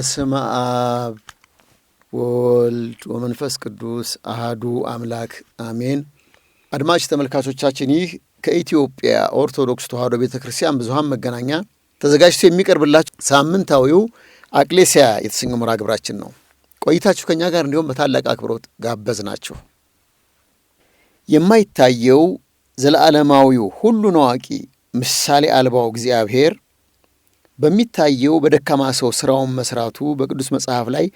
በስመ አብ ወልድ ወመንፈስ ቅዱስ አህዱ አምላክ አሜን። አድማጭ ተመልካቾቻችን ይህ ከኢትዮጵያ ኦርቶዶክስ ተዋሕዶ ቤተ ክርስቲያን ብዙኃን መገናኛ ተዘጋጅቶ የሚቀርብላችሁ ሳምንታዊው አቅሌስያ የተሰኘ ሙራ ግብራችን ነው። ቆይታችሁ ከእኛ ጋር እንዲሁም በታላቅ አክብሮት ጋበዝ ናችሁ። የማይታየው ዘለዓለማዊው ሁሉን አዋቂ ምሳሌ አልባው እግዚአብሔር በሚታየው በደካማ ሰው ሥራውን መስራቱ በቅዱስ መጽሐፍ ላይ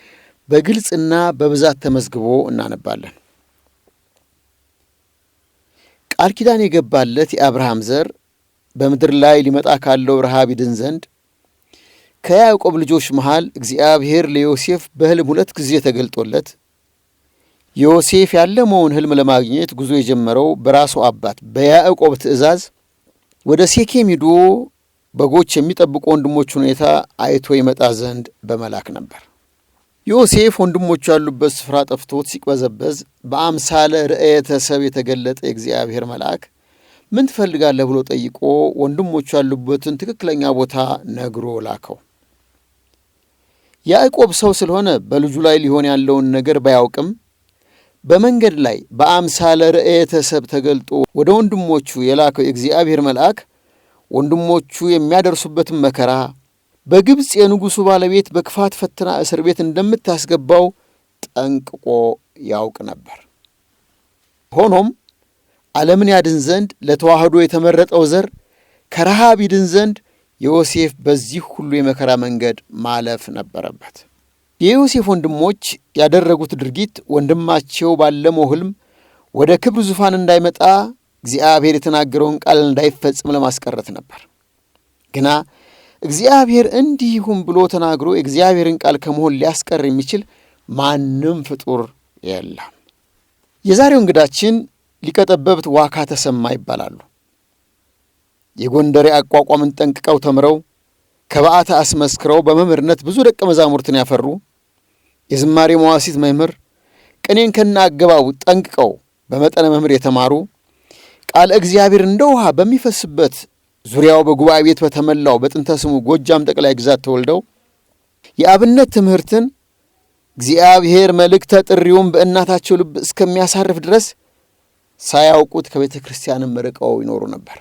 በግልጽና በብዛት ተመዝግቦ እናነባለን። ቃል ኪዳን የገባለት የአብርሃም ዘር በምድር ላይ ሊመጣ ካለው ረሃብ ይድን ዘንድ ከያዕቆብ ልጆች መሃል እግዚአብሔር ለዮሴፍ በሕልም ሁለት ጊዜ ተገልጦለት ዮሴፍ ያለመውን ሕልም ለማግኘት ጉዞ የጀመረው በራሱ አባት በያዕቆብ ትእዛዝ ወደ ሴኬም ሂዶ በጎች የሚጠብቁ ወንድሞች ሁኔታ አይቶ ይመጣ ዘንድ በመላክ ነበር። ዮሴፍ ወንድሞቹ ያሉበት ስፍራ ጠፍቶት ሲቅበዘበዝ በአምሳለ ርእየተ ሰብ የተገለጠ የእግዚአብሔር መልአክ ምን ትፈልጋለህ ብሎ ጠይቆ ወንድሞቹ ያሉበትን ትክክለኛ ቦታ ነግሮ ላከው። ያዕቆብ ሰው ስለሆነ በልጁ ላይ ሊሆን ያለውን ነገር ባያውቅም በመንገድ ላይ በአምሳለ ርእየተ ሰብ ተገልጦ ወደ ወንድሞቹ የላከው የእግዚአብሔር መልአክ ወንድሞቹ የሚያደርሱበትን መከራ በግብፅ የንጉሡ ባለቤት በክፋት ፈትና እስር ቤት እንደምታስገባው ጠንቅቆ ያውቅ ነበር። ሆኖም ዓለምን ያድን ዘንድ ለተዋህዶ የተመረጠው ዘር ከረሃብ ይድን ዘንድ ዮሴፍ በዚህ ሁሉ የመከራ መንገድ ማለፍ ነበረበት። የዮሴፍ ወንድሞች ያደረጉት ድርጊት ወንድማቸው ባለመው ሕልም ወደ ክብር ዙፋን እንዳይመጣ እግዚአብሔር የተናገረውን ቃል እንዳይፈጽም ለማስቀረት ነበር። ግና እግዚአብሔር እንዲሁም ብሎ ተናግሮ የእግዚአብሔርን ቃል ከመሆን ሊያስቀር የሚችል ማንም ፍጡር የለም። የዛሬው እንግዳችን ሊቀጠበብት ዋካ ተሰማ ይባላሉ። የጎንደር አቋቋምን ጠንቅቀው ተምረው ከበዓታ አስመስክረው በመምህርነት ብዙ ደቀ መዛሙርትን ያፈሩ የዝማሬ መዋሲት መምህር፣ ቅኔን ከነ አገባቡ ጠንቅቀው በመጠነ መምህር የተማሩ ቃለ እግዚአብሔር እንደ ውሃ በሚፈስበት ዙሪያው በጉባኤ ቤት በተመላው በጥንተ ስሙ ጎጃም ጠቅላይ ግዛት ተወልደው የአብነት ትምህርትን እግዚአብሔር መልእክተ ጥሪውን በእናታቸው ልብ እስከሚያሳርፍ ድረስ ሳያውቁት ከቤተ ክርስቲያንም ርቀው ይኖሩ ነበር።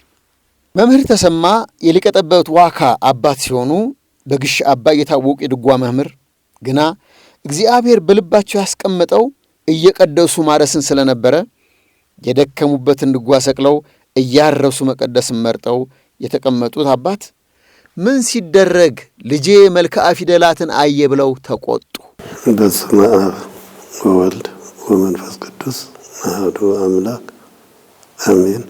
መምህር ተሰማ የሊቀ ጠበብት ዋካ አባት ሲሆኑ በግሽ አባ እየታወቁ የድጓ መምህር ግና እግዚአብሔር በልባቸው ያስቀመጠው እየቀደሱ ማረስን ስለነበረ የደከሙበትን ድጓ ሰቅለው እያረሱ መቀደስን መርጠው የተቀመጡት አባት ምን ሲደረግ ልጄ መልክአ ፊደላትን አየ ብለው ተቆጡ። በስመ አብ ወወልድ ወመንፈስ ቅዱስ አሐዱ አምላክ አሜን።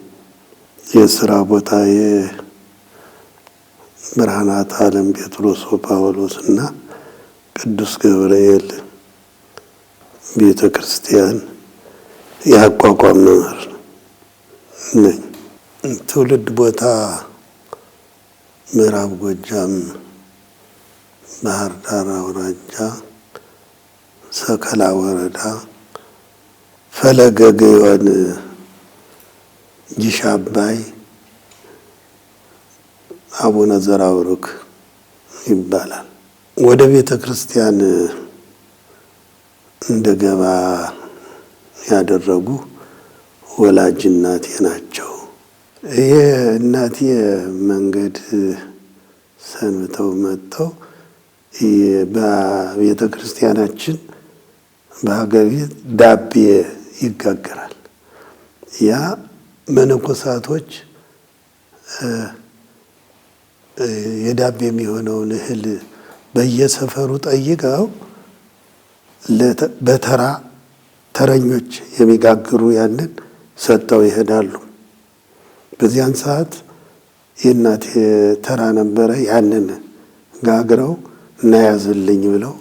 የስራ ቦታ የብርሃናት ዓለም ጴጥሮስ ጳውሎስ እና ቅዱስ ገብርኤል ቤተ ክርስቲያን የአቋቋም መምህር ነኝ። ትውልድ ቦታ ምዕራብ ጎጃም ባህር ዳር አውራጃ ሰከላ ወረዳ ፈለገ ገዮን ጊሽ አባይ አቡነ ዘራውሩክ ይባላል። ወደ ቤተ ክርስቲያን እንደገባ ያደረጉ ወላጅ እናቴ ናቸው። ይሄ እናቴ መንገድ ሰንብተው መጥተው በቤተ ክርስቲያናችን በሀገቤ ዳቤ ይጋገራል። ያ መነኮሳቶች የዳቤ የሚሆነውን እህል በየሰፈሩ ጠይቀው በተራ ተረኞች የሚጋግሩ ያንን ሰጥተው ይሄዳሉ። በዚያን ሰዓት የእናቴ ተራ ነበረ። ያንን ጋግረው እናያዝልኝ ብለው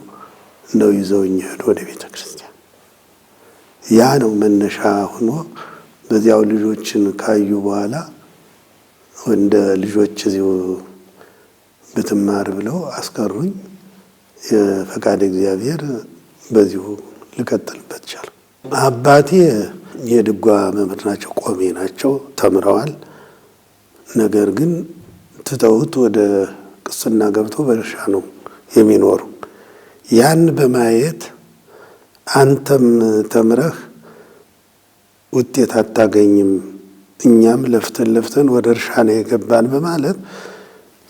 ነው ይዘውኝ ሄዱ ወደ ቤተ ክርስቲያን። ያ ነው መነሻ ሆኖ በዚያው ልጆችን ካዩ በኋላ ወንደ ልጆች እዚሁ ብትማር ብለው አስቀሩኝ። የፈቃድ እግዚአብሔር በዚሁ ልቀጥልበት ቻልኩ። አባቴ የድጓ መምህር ናቸው፣ ቆሜ ናቸው፣ ተምረዋል። ነገር ግን ትተውት ወደ ቅስና ገብቶ በእርሻ ነው የሚኖሩ። ያን በማየት አንተም ተምረህ ውጤት አታገኝም፣ እኛም ለፍተን ለፍተን ወደ እርሻ ነው የገባን በማለት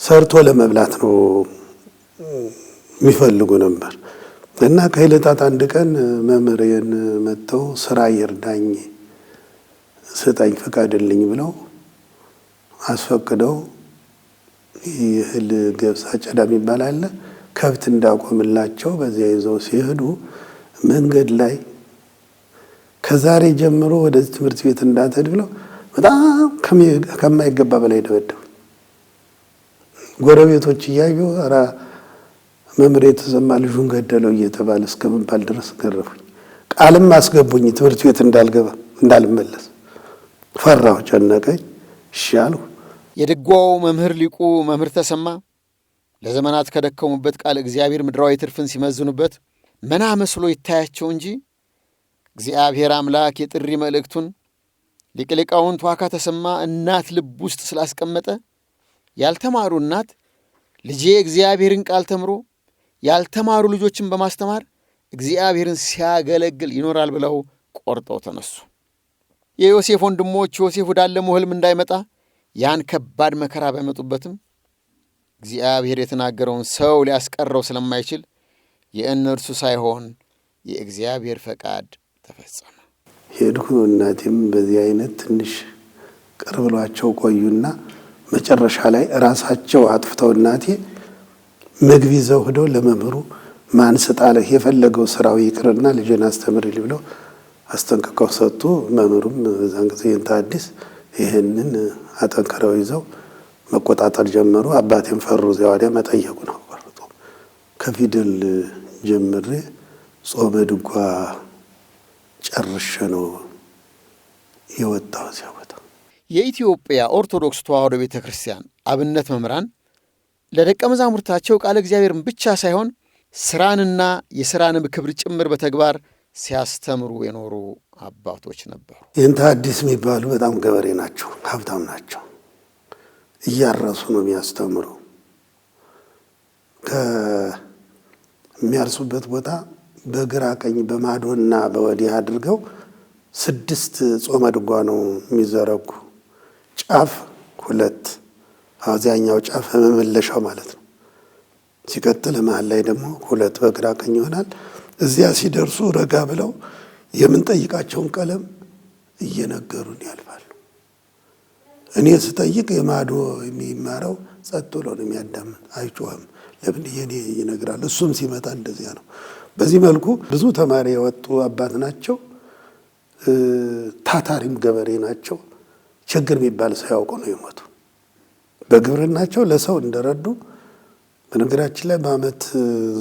ሰርቶ ለመብላት ነው የሚፈልጉ ነበር። እና ከዕለታት አንድ ቀን መምህሬን መጥተው ስራ ይርዳኝ ስጠኝ ፈቃድልኝ ብለው አስፈቅደው እህል ገብስ አጨዳ የሚባል ከብት እንዳቆምላቸው በዚያ ይዘው ሲሄዱ መንገድ ላይ ከዛሬ ጀምሮ ወደዚህ ትምህርት ቤት እንዳትሄድ ብለው በጣም ከማይገባ በላይ ደበደቡ። ጎረቤቶች እያዩ መምህር የተሰማ ልጁን ገደለው እየተባለ እስከ መባል ድረስ ገረፉኝ። ቃልም አስገቡኝ ትምህርት ቤት እንዳልገባ እንዳልመለስ ፈራሁ፣ ጨነቀኝ። እሺ አልሁ። የድጓው መምህር ሊቁ መምህር ተሰማ ለዘመናት ከደከሙበት ቃል እግዚአብሔር ምድራዊ ትርፍን ሲመዝኑበት መና መስሎ ይታያቸው እንጂ እግዚአብሔር አምላክ የጥሪ መልእክቱን ሊቀ ሊቃውንት ዋካ ተሰማ እናት ልብ ውስጥ ስላስቀመጠ ያልተማሩ እናት ልጄ እግዚአብሔርን ቃል ተምሮ ያልተማሩ ልጆችን በማስተማር እግዚአብሔርን ሲያገለግል ይኖራል ብለው ቆርጠው ተነሱ። የዮሴፍ ወንድሞች ዮሴፍ ወዳለመው ሕልም እንዳይመጣ ያን ከባድ መከራ ባይመጡበትም እግዚአብሔር የተናገረውን ሰው ሊያስቀረው ስለማይችል የእነርሱ ሳይሆን የእግዚአብሔር ፈቃድ ተፈጸመ። ሄድኩ። እናቴም በዚህ አይነት ትንሽ ቅርብሏቸው ቆዩና መጨረሻ ላይ ራሳቸው አጥፍተው እናቴ ምግብ ይዘው ሄደው ለመምህሩ ማን ስጣለህ የፈለገው ስራው ይቅርና ልጄን አስተምርልኝ ብለው አስጠንቅቀው ሰጡ። መምህሩም በዛን ጊዜ ይንታ አዲስ ይህንን አጠንክረው ይዘው መቆጣጠር ጀመሩ። አባቴን ፈሩ። እዚያ ወዲያ መጠየቁን አቋረጡ። ከፊደል ጀምሬ ጾመ ድጓ ጨርሼ ነው የወጣው እዚያ ቦታ የኢትዮጵያ ኦርቶዶክስ ተዋህዶ ቤተ ክርስቲያን አብነት መምህራን ለደቀ መዛሙርታቸው ቃለ እግዚአብሔርን ብቻ ሳይሆን ስራንና የስራንም ክብር ጭምር በተግባር ሲያስተምሩ የኖሩ አባቶች ነበሩ። ይህንተ አዲስ የሚባሉ በጣም ገበሬ ናቸው፣ ሀብታም ናቸው። እያረሱ ነው የሚያስተምሩ። ከሚያርሱበት ቦታ በግራ ቀኝ በማዶና በወዲህ አድርገው ስድስት ጾመ ድጓ ነው የሚዘረጉ ጫፍ ሁለት አዚያኛው ጫፍ መመለሻው ማለት ነው። ሲቀጥል መሀል ላይ ደግሞ ሁለት በግራ ቀኝ ይሆናል። እዚያ ሲደርሱ ረጋ ብለው የምንጠይቃቸውን ቀለም እየነገሩን ያልፋሉ። እኔ ስጠይቅ የማዶ የሚማረው ጸጥ ብሎ ነው የሚያዳምን፣ አይጮህም። ለምን የኔ ይነግራል። እሱም ሲመጣ እንደዚያ ነው። በዚህ መልኩ ብዙ ተማሪ የወጡ አባት ናቸው። ታታሪም ገበሬ ናቸው። ችግር የሚባል ሳያውቁ ነው የሞቱ። በግብርናቸው ለሰው እንደረዱ በነገራችን ላይ በዓመት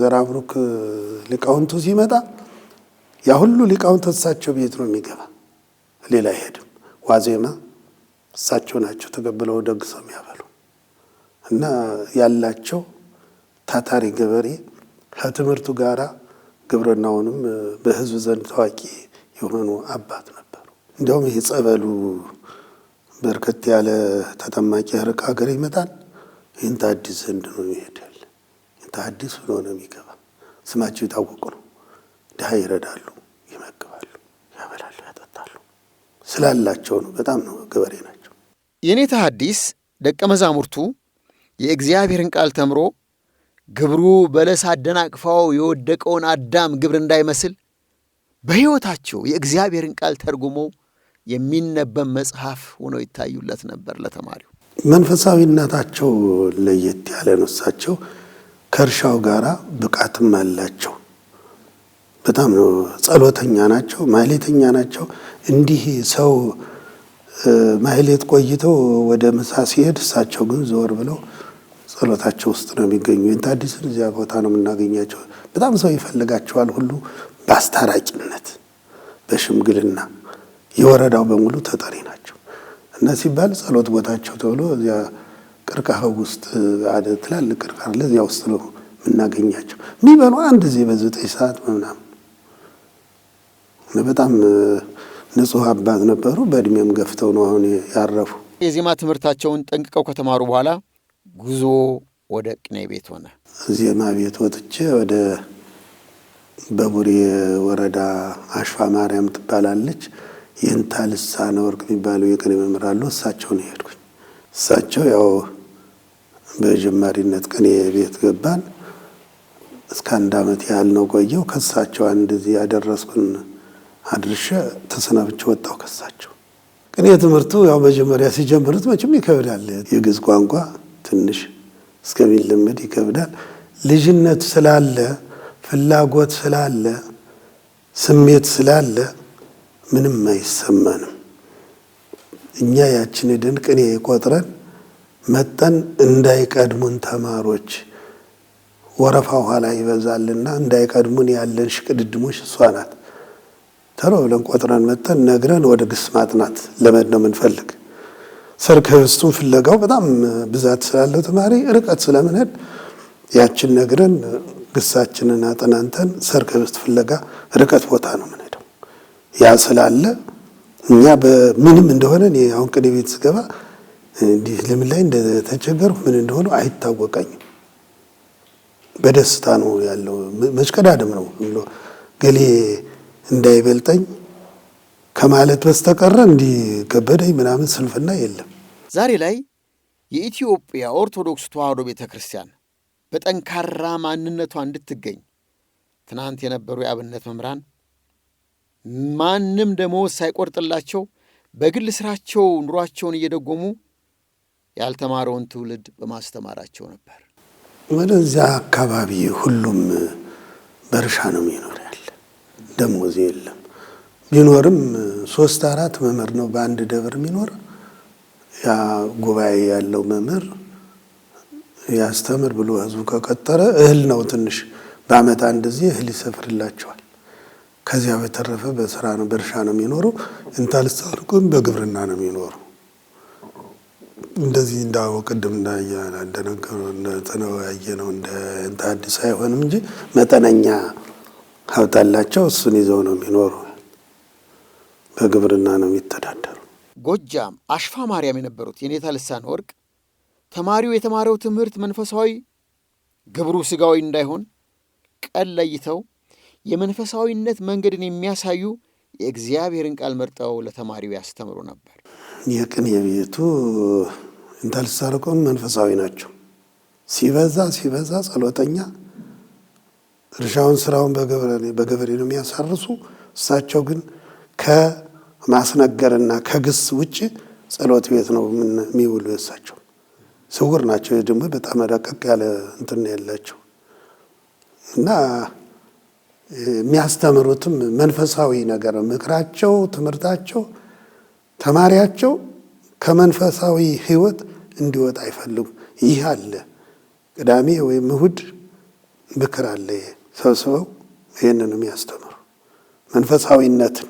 ዘራብሩክ ሊቃውንቱ ሲመጣ ያ ሁሉ ሊቃውንት እሳቸው ቤት ነው የሚገባ፣ ሌላ አይሄድም። ዋዜማ እሳቸው ናቸው ተቀብለው ደግ ሰው የሚያበሉ እና ያላቸው ታታሪ ገበሬ ከትምህርቱ ጋራ ግብርናውንም በህዝብ ዘንድ ታዋቂ የሆኑ አባት ነበሩ። እንዲያውም ይሄ ጸበሉ በርከት ያለ ተጠማቂ ርቅ ሀገር ይመጣል። ይህን ታዲስ ዘንድ ነው ይሄዳል። ይህን ታዲስ ብሎ ነው የሚገባ። ስማቸው የታወቁ ነው። ድሀ ይረዳሉ፣ ይመግባሉ፣ ያበላሉ፣ ያጠጣሉ። ስላላቸው ነው። በጣም ነው ገበሬ ናቸው። የኔታ ሐዲስ ደቀ መዛሙርቱ የእግዚአብሔርን ቃል ተምሮ ግብሩ በለስ አደናቅፋው የወደቀውን አዳም ግብር እንዳይመስል በሕይወታቸው የእግዚአብሔርን ቃል ተርጉመው የሚነበብ መጽሐፍ ሆኖ ይታዩለት ነበር ለተማሪው። መንፈሳዊነታቸው ለየት ያለ ነው። እሳቸው ከእርሻው ጋር ብቃትም አላቸው። በጣም ነው ጸሎተኛ ናቸው፣ ማህሌተኛ ናቸው። እንዲህ ሰው ማህሌት ቆይተው ወደ ምሳ ሲሄድ እሳቸው ግን ዞር ብለው ጸሎታቸው ውስጥ ነው የሚገኙ። ታዲስን እዚያ ቦታ ነው የምናገኛቸው። በጣም ሰው ይፈልጋቸዋል ሁሉ በአስታራቂነት በሽምግልና የወረዳው በሙሉ ተጠሪ ናቸው እና ሲባል ጸሎት ቦታቸው ተብሎ እዚያ ቅርቃ ውስጥ አደ ትላልቅ ቅርቃ አለ እዚያ ውስጥ ነው የምናገኛቸው። የሚበሉ አንድ ዜ በዘጠኝ ሰዓት ምናምን በጣም ንጹህ አባት ነበሩ። በእድሜም ገፍተው ነው አሁን ያረፉ። የዜማ ትምህርታቸውን ጠንቅቀው ከተማሩ በኋላ ጉዞ ወደ ቅኔ ቤት ሆነ። ዜማ ቤት ወጥቼ ወደ በቡሬ ወረዳ አሽፋ ማርያም ትባላለች የእንታ ልሳነ ወርቅ የሚባሉ የቅኔ መምህር አሉ። እሳቸው ነው የሄድኩኝ። እሳቸው ያው በጀማሪነት ቅኔ ቤት ገባን። እስከ አንድ ዓመት ያህል ነው ቆየው። ከሳቸው አንድ እዚህ ያደረስኩን አድርሸ ተሰናብቼ ወጣው። ከሳቸው ቅኔ ትምህርቱ ያው መጀመሪያ ሲጀምሩት መቼም ይከብዳል። የግዕዝ ቋንቋ ትንሽ እስከሚለመድ ይከብዳል። ልጅነት ስላለ ፍላጎት ስላለ ስሜት ስላለ ምንም አይሰማንም። እኛ ያችን ድን ቅኔ ቆጥረን መጠን እንዳይቀድሙን ተማሮች ወረፋ ኋላ ይበዛልና እንዳይቀድሙን ያለን ሽቅድድሞች እሷ ናት። ተሎ ብለን ቆጥረን መጠን ነግረን ወደ ግስ ማጥናት ለመድ ነው የምንፈልግ። ሰርክ ህብስቱን ፍለጋው በጣም ብዛት ስላለው ተማሪ ርቀት ስለምንሄድ ያችን ነግረን ግሳችንን አጠናንተን ሰርክ ህብስት ፍለጋ ርቀት ቦታ ነው። ያ ስላለ እኛ በምንም እንደሆነ እኔ አሁን ቅድም ቤት ስገባ እንዲህ ለምን ላይ እንደተቸገርኩ ምን እንደሆነ አይታወቀኝም። በደስታ ነው ያለው። መሽቀዳደም ነው ብሎ ገሌ እንዳይበልጠኝ ከማለት በስተቀረ እንዲህ ከበደኝ ምናምን ስንፍና የለም። ዛሬ ላይ የኢትዮጵያ ኦርቶዶክስ ተዋህዶ ቤተ ክርስቲያን በጠንካራ ማንነቷ እንድትገኝ ትናንት የነበሩ የአብነት መምህራን ማንም ደሞዝ ሳይቆርጥላቸው በግል ስራቸው ኑሯቸውን እየደጎሙ ያልተማረውን ትውልድ በማስተማራቸው ነበር። ወደዚያ አካባቢ ሁሉም በእርሻ ነው የሚኖር ያለ ደሞዝ የለም። ቢኖርም ሶስት አራት መምህር ነው በአንድ ደብር የሚኖር። ያ ጉባኤ ያለው መምህር ያስተምር ብሎ ህዝቡ ከቀጠረ እህል ነው ትንሽ በአመት አንድ ጊዜ እህል ይሰፍርላቸዋል። ከዚያ በተረፈ በስራ ነው በእርሻ ነው የሚኖረው። እንታልሳልቁን በግብርና ነው የሚኖረው። እንደዚህ እንዳው ቅድም እንደነገሩ እንደተነያየ ነው እንደ አዲስ አይሆንም እንጂ መጠነኛ ሀብት አላቸው። እሱን ይዘው ነው የሚኖሩ። በግብርና ነው የሚተዳደሩ። ጎጃም አሽፋ ማርያም የነበሩት የኔታ ልሳን ወርቅ ተማሪው የተማረው ትምህርት መንፈሳዊ ግብሩ ስጋዊ እንዳይሆን ቀን ለይተው የመንፈሳዊነት መንገድን የሚያሳዩ የእግዚአብሔርን ቃል መርጠው ለተማሪው ያስተምሩ ነበር። የቅኔ ቤቱ እንዳልሳልቆም መንፈሳዊ ናቸው። ሲበዛ ሲበዛ ጸሎተኛ እርሻውን ስራውን በገበሬ ነው የሚያሳርሱ። እሳቸው ግን ከማስነገርና ከግስ ውጭ ጸሎት ቤት ነው የሚውሉ። እሳቸው ስውር ናቸው። ደግሞ በጣም ረቀቅ ያለ እንትን ያላቸው እና የሚያስተምሩትም መንፈሳዊ ነገር ምክራቸው፣ ትምህርታቸው፣ ተማሪያቸው ከመንፈሳዊ ሕይወት እንዲወጣ አይፈልጉም። ይህ አለ ቅዳሜ ወይም እሁድ ምክር አለ ሰብስበው ይህንን የሚያስተምሩ መንፈሳዊነትን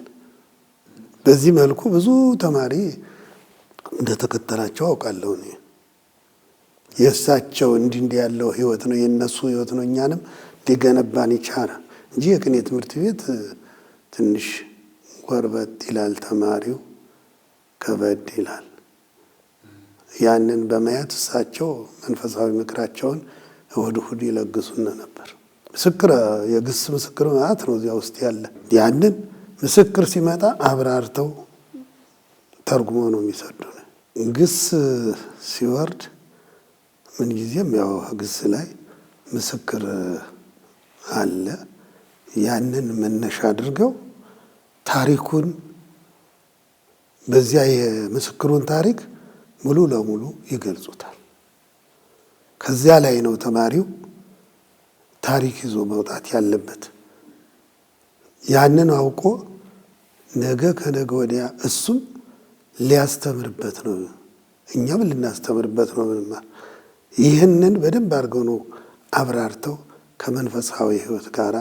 በዚህ መልኩ ብዙ ተማሪ እንደተከተላቸው አውቃለሁ። የእሳቸው እንዲህ እንዲህ ያለው ህይወት ነው የእነሱ ህይወት ነው እኛንም ሊገነባን ይቻላል። እንጂ የቅኔ ትምህርት ቤት ትንሽ ጎርበት ይላል ተማሪው፣ ከበድ ይላል። ያንን በማየት እሳቸው መንፈሳዊ ምክራቸውን እሁድ እሁድ ይለግሱን ነበር። ምስክር የግስ ምስክር ማለት ነው፣ እዚያ ውስጥ ያለ ያንን ምስክር ሲመጣ አብራርተው ተርጉሞ ነው የሚሰዱ ግስ ሲወርድ ምንጊዜም ያው ግስ ላይ ምስክር አለ። ያንን መነሻ አድርገው ታሪኩን በዚያ የምስክሩን ታሪክ ሙሉ ለሙሉ ይገልጹታል። ከዚያ ላይ ነው ተማሪው ታሪክ ይዞ መውጣት ያለበት። ያንን አውቆ ነገ ከነገ ወዲያ እሱም ሊያስተምርበት ነው፣ እኛም ልናስተምርበት ነው። ምንማር ይህንን በደንብ አድርገው ነው አብራርተው ከመንፈሳዊ ሕይወት ጋር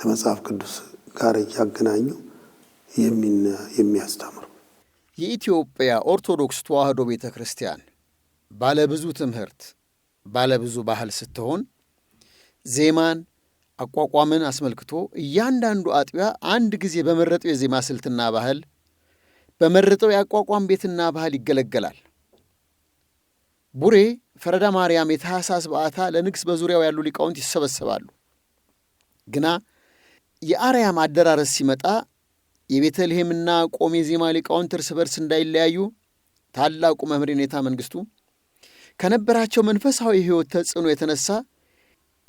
ከመጽሐፍ ቅዱስ ጋር እያገናኙ የሚያስተምሩ የኢትዮጵያ ኦርቶዶክስ ተዋህዶ ቤተ ክርስቲያን ባለብዙ ትምህርት ባለብዙ ባህል ስትሆን ዜማን አቋቋምን አስመልክቶ እያንዳንዱ አጥቢያ አንድ ጊዜ በመረጠው የዜማ ስልትና ባህል በመረጠው የአቋቋም ቤትና ባህል ይገለገላል። ቡሬ ፈረዳ ማርያም የታሕሳስ በዓታ ለንግሥ በዙሪያው ያሉ ሊቃውንት ይሰበሰባሉ ግና የአርያም አደራረስ ሲመጣ የቤተልሔምና ቆሜ ዜማ ሊቃውንት እርስ በርስ እንዳይለያዩ ታላቁ መምህር ኔታ መንግስቱ ከነበራቸው መንፈሳዊ ሕይወት ተጽዕኖ የተነሳ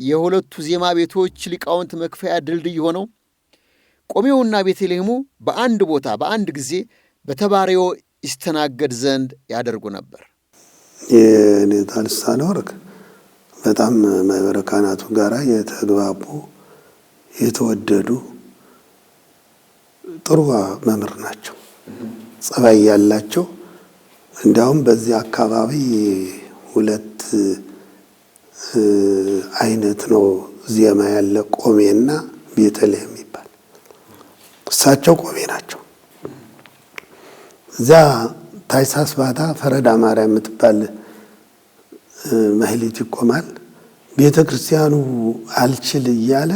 የሁለቱ ዜማ ቤቶች ሊቃውንት መክፈያ ድልድይ ሆነው ቆሜውና ቤተልሔሙ በአንድ ቦታ በአንድ ጊዜ በተባሪዎ ይስተናገድ ዘንድ ያደርጉ ነበር። የኔታ ልሳነ ወርቅ በጣም ማኅበረ ካህናቱ ጋር የተግባቡ የተወደዱ ጥሩ መምህር ናቸው፣ ጸባይ ያላቸው። እንዲያውም በዚህ አካባቢ ሁለት አይነት ነው ዜማ ያለ ቆሜና ቤተልሔም ይባል። እሳቸው ቆሜ ናቸው። እዚያ ታይሳስ ባታ ፈረዳ ማርያም የምትባል መህሊት ይቆማል። ቤተ ክርስቲያኑ አልችል እያለ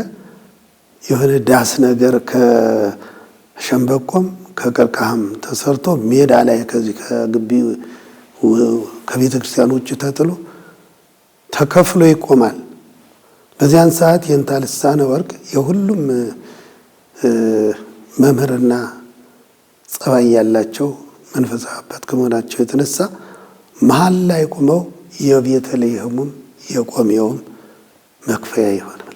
የሆነ ዳስ ነገር ከሸንበቆም ከቀርከሃም ተሰርቶ ሜዳ ላይ ከዚህ ከግቢ ከቤተ ክርስቲያን ውጭ ተጥሎ ተከፍሎ ይቆማል። በዚያን ሰዓት የእንታ ልሳነ ወርቅ የሁሉም መምህርና ጸባይ ያላቸው መንፈሳዊ አባት ከመሆናቸው የተነሳ መሀል ላይ ቁመው የቤተልሔሙም የቆሜውም መክፈያ ይሆናል።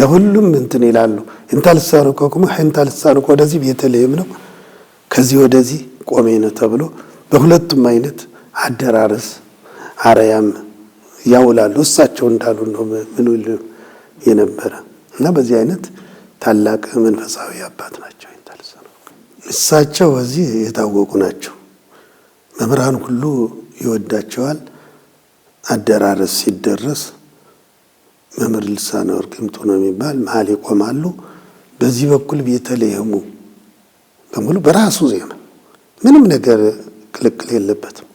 ለሁሉም እንትን ይላሉ። እንታልሳሩከኩሙ ሕንታልሳሩከ ወደዚህ ቤተልሔም ነው፣ ከዚህ ወደዚህ ቆሜ ነው ተብሎ በሁለቱም አይነት አደራረስ አረያም ያውላሉ። እሳቸው እንዳሉ ነው ምን የነበረ እና በዚህ አይነት ታላቅ መንፈሳዊ አባት ናቸው። እሳቸው በዚህ የታወቁ ናቸው። መምህራን ሁሉ ይወዳቸዋል። አደራረስ ሲደረስ መምህር ልሳነ ወርቅ ይምጡ ነው የሚባል መሀል ይቆማሉ። በዚህ በኩል ቤተልሔሙ በሙሉ በራሱ ዜማ ምንም ነገር ቅልቅል የለበትም።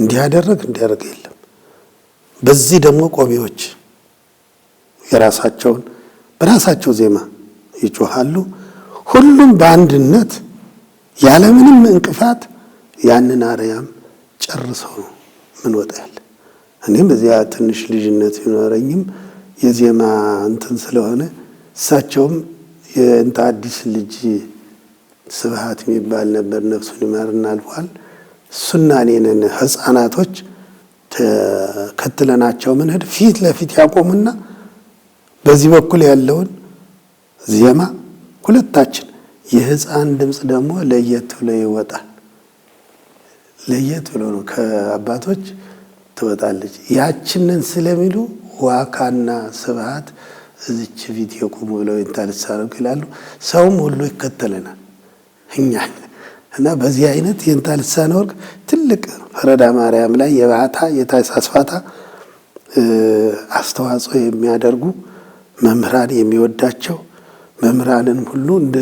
እንዲያደረግ እንዲያደርግ የለም። በዚህ ደግሞ ቆቢዎች የራሳቸውን በራሳቸው ዜማ ይጮሃሉ። ሁሉም በአንድነት ያለምንም እንቅፋት ያንን አርያም ጨርሰው ምን ወጣ ያለ እኔም በዚያ ትንሽ ልጅነት ቢኖረኝም የዜማ እንትን ስለሆነ እሳቸውም የእንተ አዲስ ልጅ ስብሐት የሚባል ነበር፣ ነፍሱን ይማርና አልፏል። እሱና እኔንን ህፃናቶች ተከትለናቸው ምንሄድ ፊት ለፊት ያቆሙና በዚህ በኩል ያለውን ዜማ ሁለታችን የህፃን ድምፅ ደግሞ ለየት ብሎ ይወጣል። ለየት ብሎ ነው ከአባቶች ትወጣለች። ያችንን ስለሚሉ ዋካና ስብሃት እዚች ፊት የቁሙ ብለው የንታንሳረግ ይላሉ። ሰውም ሁሉ ይከተለናል እኛ እና በዚህ አይነት የንታ ልሳነ ወርቅ ትልቅ ረዳ ማርያም ላይ የባዕታ የታሳስፋታ አስተዋጽኦ የሚያደርጉ መምህራን የሚወዳቸው መምህራንን ሁሉ እንደ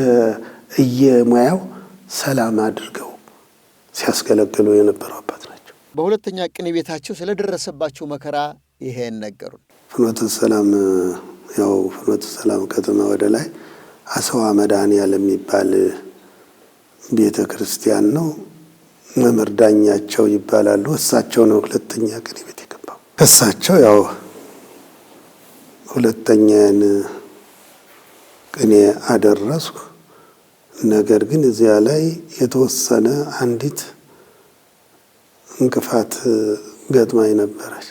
እየሙያው ሰላም አድርገው ሲያስገለግሉ የነበሩ አባት ናቸው። በሁለተኛ ቅኔ ቤታቸው ስለደረሰባቸው መከራ ይሄን ነገሩን። ፍኖተ ሰላም ያው ፍኖተ ሰላም ከተማ ወደ ላይ አሰዋ መድኃኔዓለም የሚባል ቤተ ክርስቲያን ነው። መምህር ዳኛቸው ይባላሉ። እሳቸው ነው ሁለተኛ ቅኔ ቤት የገባው እሳቸው ያው ሁለተኛን ቅኔ አደረስኩ። ነገር ግን እዚያ ላይ የተወሰነ አንዲት እንቅፋት ገጥማኝ ነበረች።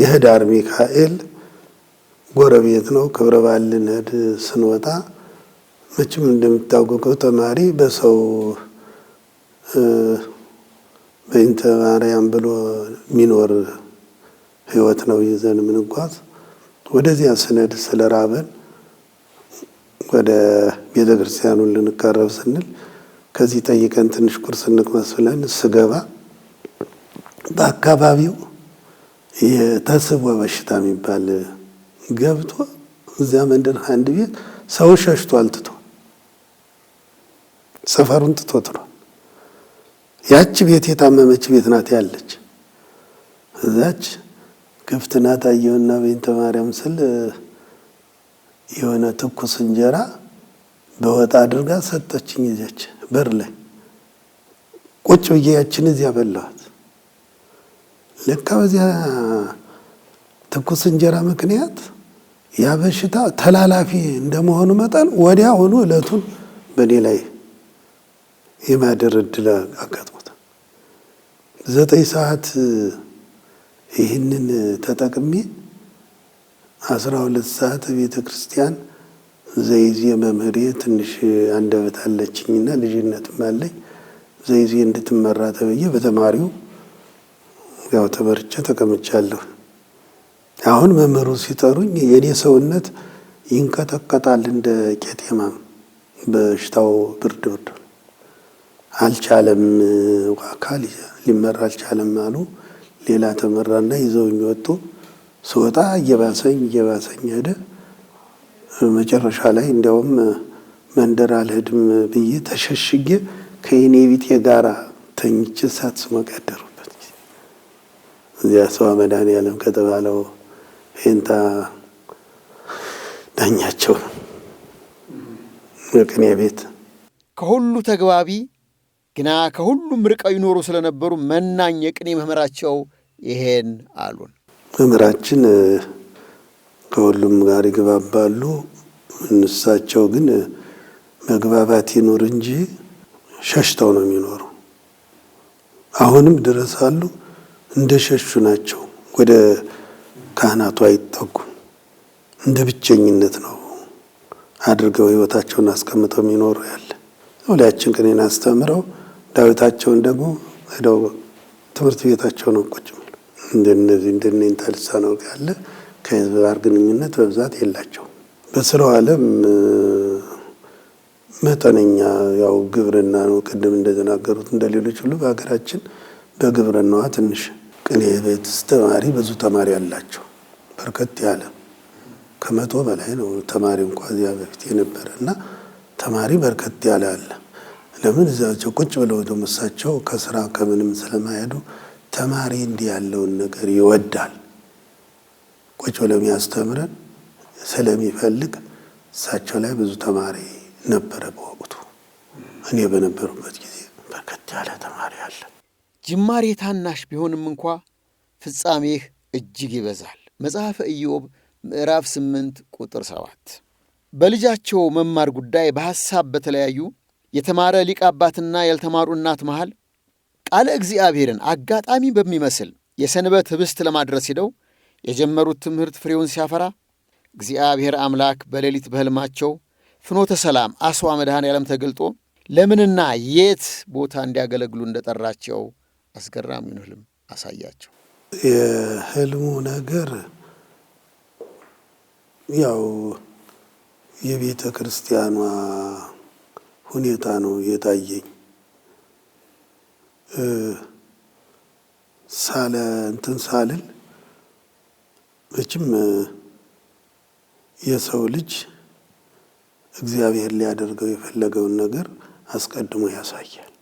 የህዳር ሚካኤል ጎረቤት ነው። ክብረ በዓል ልንሄድ ስንወጣ መቼም እንደሚታወቀው ተማሪ በሰው በኢንተ ማርያም ብሎ የሚኖር ህይወት ነው ይዘን የምንጓዝ። ወደዚያ ስንሄድ ስለ ራበን ወደ ቤተ ክርስቲያኑን ልንቀረብ ስንል ከዚህ ጠይቀን ትንሽ ቁርስ እንቅመስ ብለን ስገባ በአካባቢው የተስቦ በሽታ የሚባል ገብቶ እዚያ መንደር አንድ ቤት ሰው ሸሽቶ አልትቶ ሰፈሩን ትቶ ትሯል። ያች ቤት የታመመች ቤት ናት ያለች እዛች ክፍት ናት። አየሁና ማርያም ስል የሆነ ትኩስ እንጀራ በወጥ አድርጋ ሰጠችኝ። እዚያች በር ላይ ቁጭ ብዬ ያችን እዚያ በላዋል። ለካ በዚያ ትኩስ እንጀራ ምክንያት ያ በሽታ ተላላፊ እንደመሆኑ መጠን ወዲያ ሆኖ እለቱን በእኔ ላይ የማደር እድል ዘጠኝ ሰዓት ይህንን ተጠቅሜ አስራ ሁለት ሰዓት ቤተ ክርስቲያን ዘይዜ መምህሬ ትንሽ አንደበት አለችኝና ልጅነትም አለኝ ዘይዜ እንድትመራ ተብዬ በተማሪው ያው ተመርጬ ተቀምጫለሁ። አሁን መምህሩ ሲጠሩኝ የኔ ሰውነት ይንቀጠቀጣል እንደ ቄጤማ። በሽታው ብርድ ብርድ አልቻለም፣ አካል ሊመራ አልቻለም አሉ። ሌላ ተመራና ይዘውኝ ወጡ። ስወጣ እየባሰኝ እየባሰኝ ሄደ። መጨረሻ ላይ እንዲያውም መንደር አልሄድም ብዬ ተሸሽጌ ከኔ ቢጤ ጋራ ተኝቼ እሳት ስሞቅ እዚያ ሰዋ መድኃኔ ዓለም ከተባለው ፌንታ ዳኛቸው ነው። ቤት ከሁሉ ተግባቢ ግና ከሁሉም ርቀው ይኖሩ ስለነበሩ መናኝ የቅኔ መምህራቸው ይሄን አሉን። መምህራችን ከሁሉም ጋር ይግባባሉ። እንሳቸው ግን መግባባት ይኑር እንጂ ሸሽተው ነው የሚኖሩ። አሁንም ድረስ አሉ። እንደ ሸሹ ናቸው። ወደ ካህናቱ አይጠጉም። እንደ ብቸኝነት ነው አድርገው ህይወታቸውን አስቀምጠው የሚኖሩ ያለ ሁላችን ቅኔን አስተምረው ዳዊታቸውን ደግሞ ሄደው ትምህርት ቤታቸው ነው ቁጭ ብሎ እንደነዚህ እንደኔንታ ልሳነ ነው ያለ ከህዝብ ጋር ግንኙነት በብዛት የላቸው። በስራው ዓለም መጠነኛ ያው ግብርና ነው። ቅድም እንደተናገሩት እንደሌሎች ሁሉ በሀገራችን በግብርናዋ ትንሽ ቅኔ ቤት ተማሪ ብዙ ተማሪ አላቸው፣ በርከት ያለ ከመቶ በላይ ነው ተማሪ እንኳ እዚያ በፊት የነበረ እና ተማሪ በርከት ያለ አለ። ለምን እዛቸው ቁጭ ብለው ደግሞ እሳቸው ከስራ ከምንም ስለማያዱ ተማሪ እንዲህ ያለውን ነገር ይወዳል። ቁጭ ብለው የሚያስተምረን ስለሚፈልግ እሳቸው ላይ ብዙ ተማሪ ነበረ በወቅቱ እኔ በነበሩበት ጊዜ በርከት ያለ ተማሪ አለ። ጅማሬ ታናሽ ቢሆንም እንኳ ፍጻሜህ እጅግ ይበዛል። መጽሐፈ ኢዮብ ምዕራፍ 8 ቁጥር 7። በልጃቸው መማር ጉዳይ በሐሳብ በተለያዩ የተማረ ሊቅ አባትና ያልተማሩ እናት መሃል ቃለ እግዚአብሔርን አጋጣሚ በሚመስል የሰንበት ህብስት ለማድረስ ሄደው የጀመሩት ትምህርት ፍሬውን ሲያፈራ እግዚአብሔር አምላክ በሌሊት በሕልማቸው ፍኖተ ሰላም አስዋ መድኃኔ ዓለም ተገልጦ ለምንና የት ቦታ እንዲያገለግሉ እንደጠራቸው አስገራሚውን ህልም አሳያቸው። የህልሙ ነገር ያው የቤተ ክርስቲያኗ ሁኔታ ነው የታየኝ። ሳለ እንትን ሳልል መቼም የሰው ልጅ እግዚአብሔር ሊያደርገው የፈለገውን ነገር አስቀድሞ ያሳያል።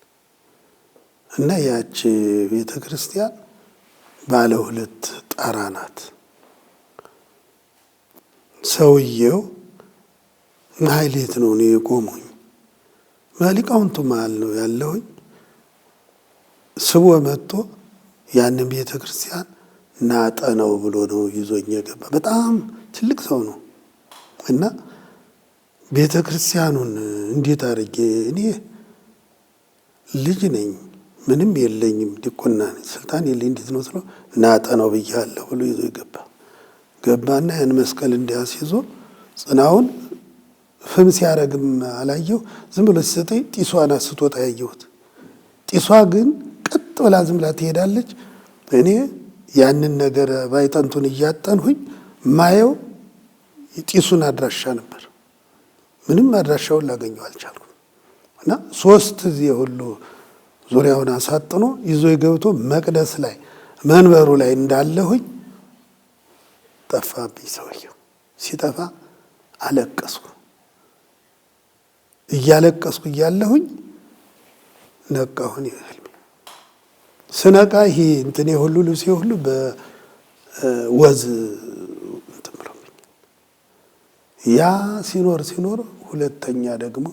እና ያቺ ቤተ ክርስቲያን ባለ ሁለት ጣራ ናት። ሰውየው መሀይሌት ነው እኔ የቆሙኝ መሊቃውንቱ መሀል ነው ያለሁኝ። ስቦ መጥቶ ያንን ቤተ ክርስቲያን ናጠ ነው ብሎ ነው ይዞኝ የገባ። በጣም ትልቅ ሰው ነው እና ቤተ ክርስቲያኑን እንዴት አድርጌ እኔ ልጅ ነኝ ምንም የለኝም ዲቁና ስልጣን የለኝ እንዴት ነው ስለው ናጠነው ብያለሁ ብሎ ይዞ ይገባ ገባና ያን መስቀል እንዲያስይዞ ጽናውን ፍም ሲያደረግም አላየው ዝም ብሎ ሲሰጠኝ ጢሷን አስቶት አያየሁት። ጢሷ ግን ቀጥ ብላ ዝም ብላ ትሄዳለች። እኔ ያንን ነገር ባይጠንቱን እያጠንሁኝ ማየው ጢሱን አድራሻ ነበር። ምንም አድራሻውን ላገኘው አልቻልኩም። እና ሶስት ጊዜ ሁሉ ዙሪያውን አሳጥኖ ይዞ ገብቶ መቅደስ ላይ መንበሩ ላይ እንዳለሁኝ ጠፋብኝ። ሰውየው ሲጠፋ አለቀስኩ። እያለቀስኩ እያለሁኝ ነቃሁን። ህልሜ ስነቃ ይሄ እንትኔ ሁሉ ልብሴ ሁሉ በወዝ እንትን ብሎብኝ ያ ሲኖር ሲኖር ሁለተኛ ደግሞ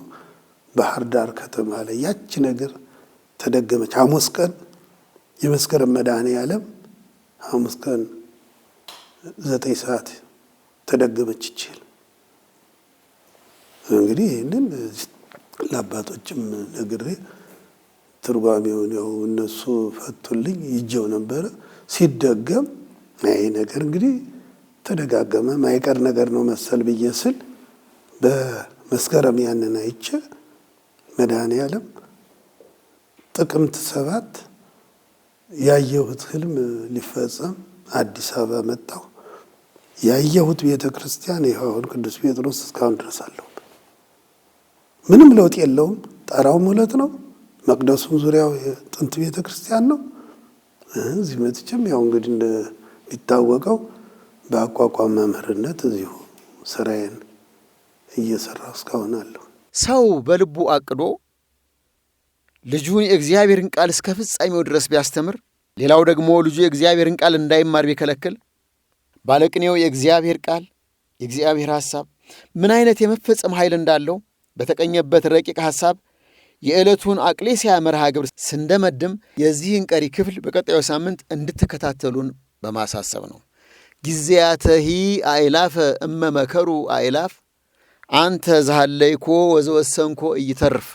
ባህር ዳር ከተማ ላይ ያች ነገር ተደገመች። ሐሙስ ቀን የመስከረም መድኃኔ ዓለም ሐሙስ ቀን ዘጠኝ ሰዓት ተደገመች ይችል እንግዲህ ይህንን ለአባቶችም ነግሬ ትርጓሜውን ያው እነሱ ፈቱልኝ ይጀው ነበረ። ሲደገም ይህ ነገር እንግዲህ ተደጋገመ ማይቀር ነገር ነው መሰል ብዬ ስል በመስከረም ያንን አይቼ መድኃኔ ዓለም ጥቅምት ሰባት ያየሁት ህልም ሊፈጸም አዲስ አበባ መጣሁ። ያየሁት ቤተ ክርስቲያን ይኸው አሁን ቅዱስ ጴጥሮስ እስካሁን ድረስ አለው። ምንም ለውጥ የለውም። ጠራው ሁለት ነው። መቅደሱም ዙሪያው የጥንት ቤተ ክርስቲያን ነው። እዚህ መጥቼም ያው እንግዲህ እንደሚታወቀው በአቋቋም መምህርነት እዚሁ ስራዬን እየሰራሁ እስካሁን አለሁ። ሰው በልቡ አቅዶ ልጁን የእግዚአብሔርን ቃል እስከ ፍጻሜው ድረስ ቢያስተምር፣ ሌላው ደግሞ ልጁ የእግዚአብሔርን ቃል እንዳይማር ቢከለክል፣ ባለቅኔው የእግዚአብሔር ቃል የእግዚአብሔር ሐሳብ ምን አይነት የመፈጸም ኃይል እንዳለው በተቀኘበት ረቂቅ ሐሳብ የዕለቱን አቅሌስያ መርሃ ግብር ስንደመድም የዚህን ቀሪ ክፍል በቀጣዩ ሳምንት እንድትከታተሉን በማሳሰብ ነው። ጊዜያተሂ አእላፈ እመመከሩ አይላፍ አንተ ዛሃለይኮ ወዘወሰንኮ እይተርፍ